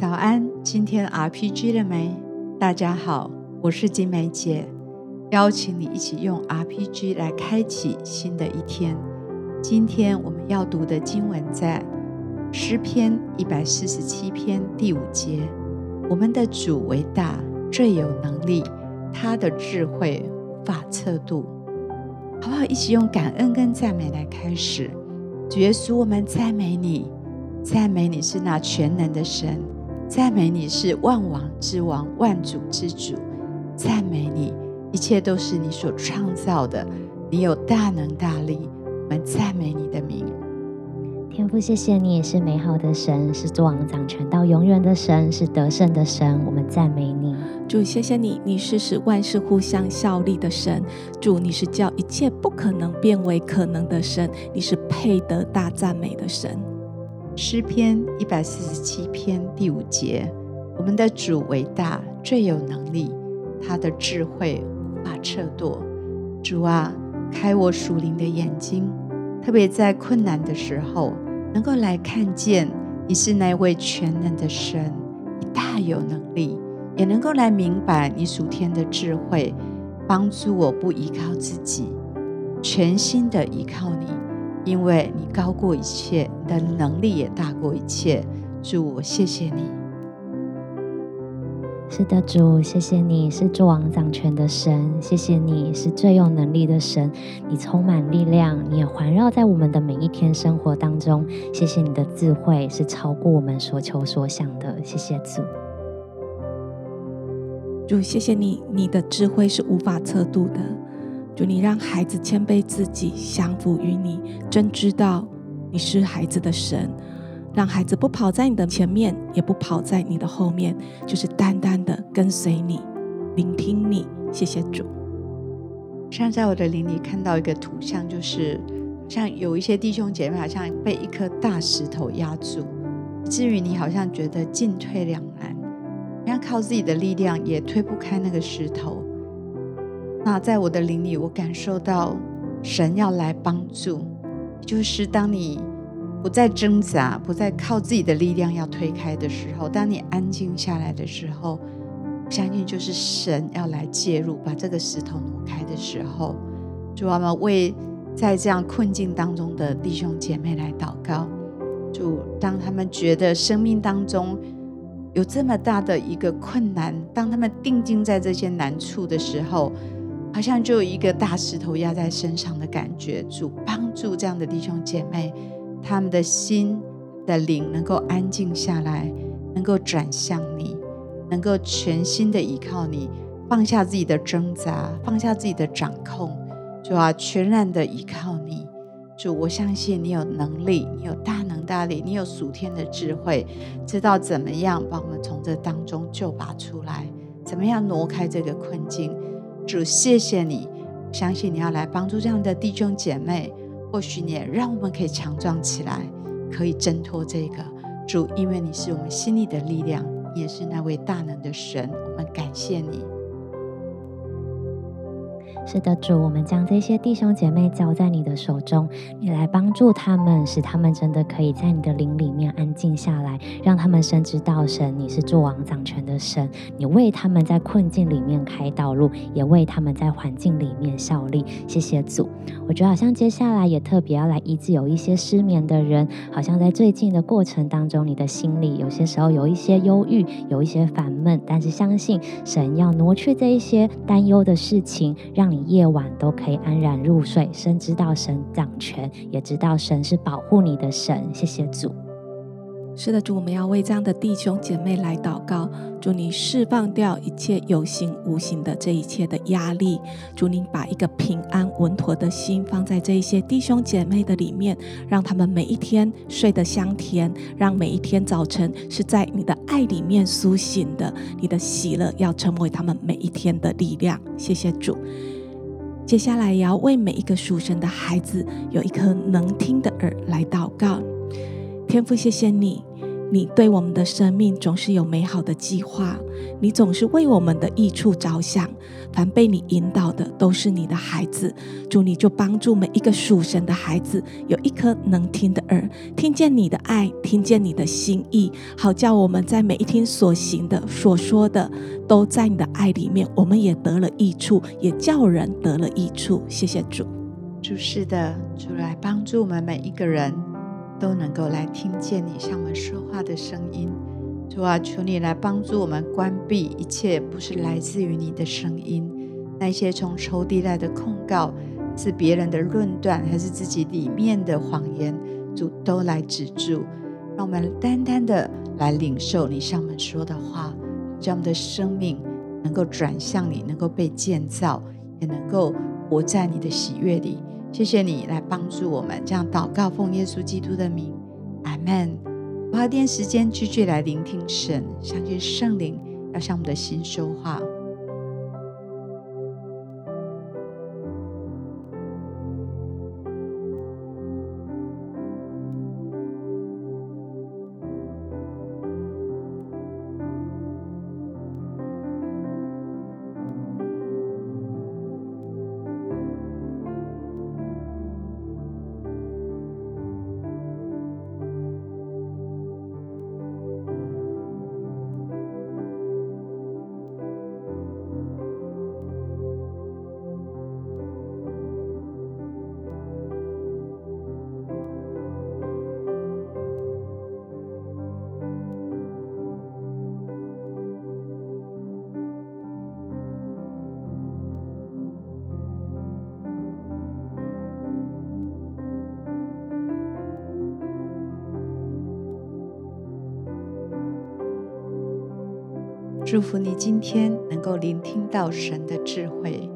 早安，今天 RPG 了沒？大家好，我是晶玫姊，邀請你一起用 RPG 來開啟新的一天。今天我們要讀的經文在詩篇一百四十七篇第五節。我們的主為大，最有能力，他的智慧無法測度。好不好？一起用感恩跟讚美來開始。主耶穌，我們讚美你，讚美你是那全能的神。讚美你是萬王之王、萬主之主，讚美你，一切都是你所創造的，你有大能大力，我們讚美你的名。天父，謝謝你，是美好的神，是作王掌權到永遠的神，是得勝的神，我們讚美你。主，謝謝你，你是使萬事互相效力的神。主，你是叫一切不可能變為可能的神，你是配得大讚美的神。詩篇一百四十七篇第五節，我們的主為大，最有能力，他的智慧，無法測度。主啊，開我屬靈的眼睛，特別在困難的時候，能夠來看見你是那位全能的神，你大有能力，也能夠來明白你屬天的智慧，幫助我不依靠自己，全心的依靠你。因為你高過一切，你的能力也大過一切。主，我謝謝你。是的，主，謝謝你是作王掌權的神，謝謝你是最有能力的神。你充滿力量，你也環繞在我們的每一天生活當中。謝謝你的智慧是超過我們所求所想的。謝謝主。主，謝謝你，你的智慧是無法測度的。主，你讓孩子謙卑自己，降服於你，真知道你是孩子的神，讓孩子不跑在你的前面，也不跑在你的後面，就是單單的跟隨你，聆聽你。謝謝主。像在我的靈裡看到一個圖像，就是像有一些弟兄姐妹好像被一顆大石頭壓住，以至於你好像覺得進退兩難，要靠自己的力量也推不開那個石頭。那在我的靈裡，我感受到神要來幫助，就是當你不再掙扎、不再靠自己的力量要推開的時候，當你安靜下來的時候，我相信就是神要來介入，把這個石頭挪開的時候。就讓我們為在這樣困境當中的弟兄姐妹來禱告，就當他們覺得生命當中有這麼大的一個困難，當他們定睛在這些難處的時候，好像就有一個大石頭壓在身上的感覺。主幫助這樣的弟兄姐妹，他們的心的靈能夠安靜下來，能夠轉向你，能夠全心的依靠你，放下自己的掙扎，放下自己的掌控，主啊，全然的依靠你。主，我相信你有能力，你有大能大力，你有屬天的智慧，知道怎麼樣把我們從這當中救拔出來，怎麼樣挪開這個困境。主，謝謝你，相信你要來幫助這樣的弟兄姐妹。或許你也讓我們可以強壯起來，可以掙脫這個。主，因為你是我們心裡的力量，也是那位大能的神，我們感謝你。是的，主，我們將這些弟兄姐妹交在你的手中，你來幫助他們，使他們真的可以在你的靈裡面安靜下來，讓他們深知道神，你是作王掌權的神，你為他們在困境裡面開道路，也為他們在環境裡面效力。謝謝主，我覺得好像接下來也特別要來醫治有一些失眠的人，好像在最近的過程當中，你的心裡有些時候有一些憂鬱，有一些煩悶，但是相信神要挪去這一些擔憂的事情，讓你夜晚都可以安然入睡，深知道神掌權，也知道神是保護你的神。謝謝主，是的，主，我們要為這樣的弟兄姐妹來禱告。祝你釋放掉一切有形無形的這一切的壓力。祝你把一個平安穩妥的心放在這一些弟兄姐妹的裡面，讓他們每一天睡得香甜，讓每一天早晨是在你的愛裡面甦醒的。你的喜樂要成為他們每一天的力量。謝謝主。接下來也要為每一個屬神的孩子有一顆能聽的耳來禱告，天父，謝謝你。你對我們的生命總是有美好的計劃，你總是為我們的益處着想，凡被你引導的都是你的孩子。主，你就幫助每一個屬神的孩子有一顆能聽的耳，聽見你的愛，聽見你的心意，好叫我們在每一天所行的、所說的，都在你的愛裡面，我們也得了益處，也叫人得了益處。謝謝主，主是的，主來幫助我們每一個人。都能夠來聽見你向我們說話的聲音，主啊，求你來幫助我們關閉一切不是來自於你的聲音，那些從仇敵來的控告，是別人的論斷，還是自己裡面的謊言，主都來止住，讓我們單單的來領受你向我們說的話，讓我們的生命能夠轉向你，能夠被建造，也能夠活在你的喜悅裡。謝謝你來幫助我們這樣禱告，奉耶穌基督的名，阿門。花一點時間，繼續來聆聽神，相信聖靈要向我們的心說話。祝福你今天能夠聆聽到神的智慧。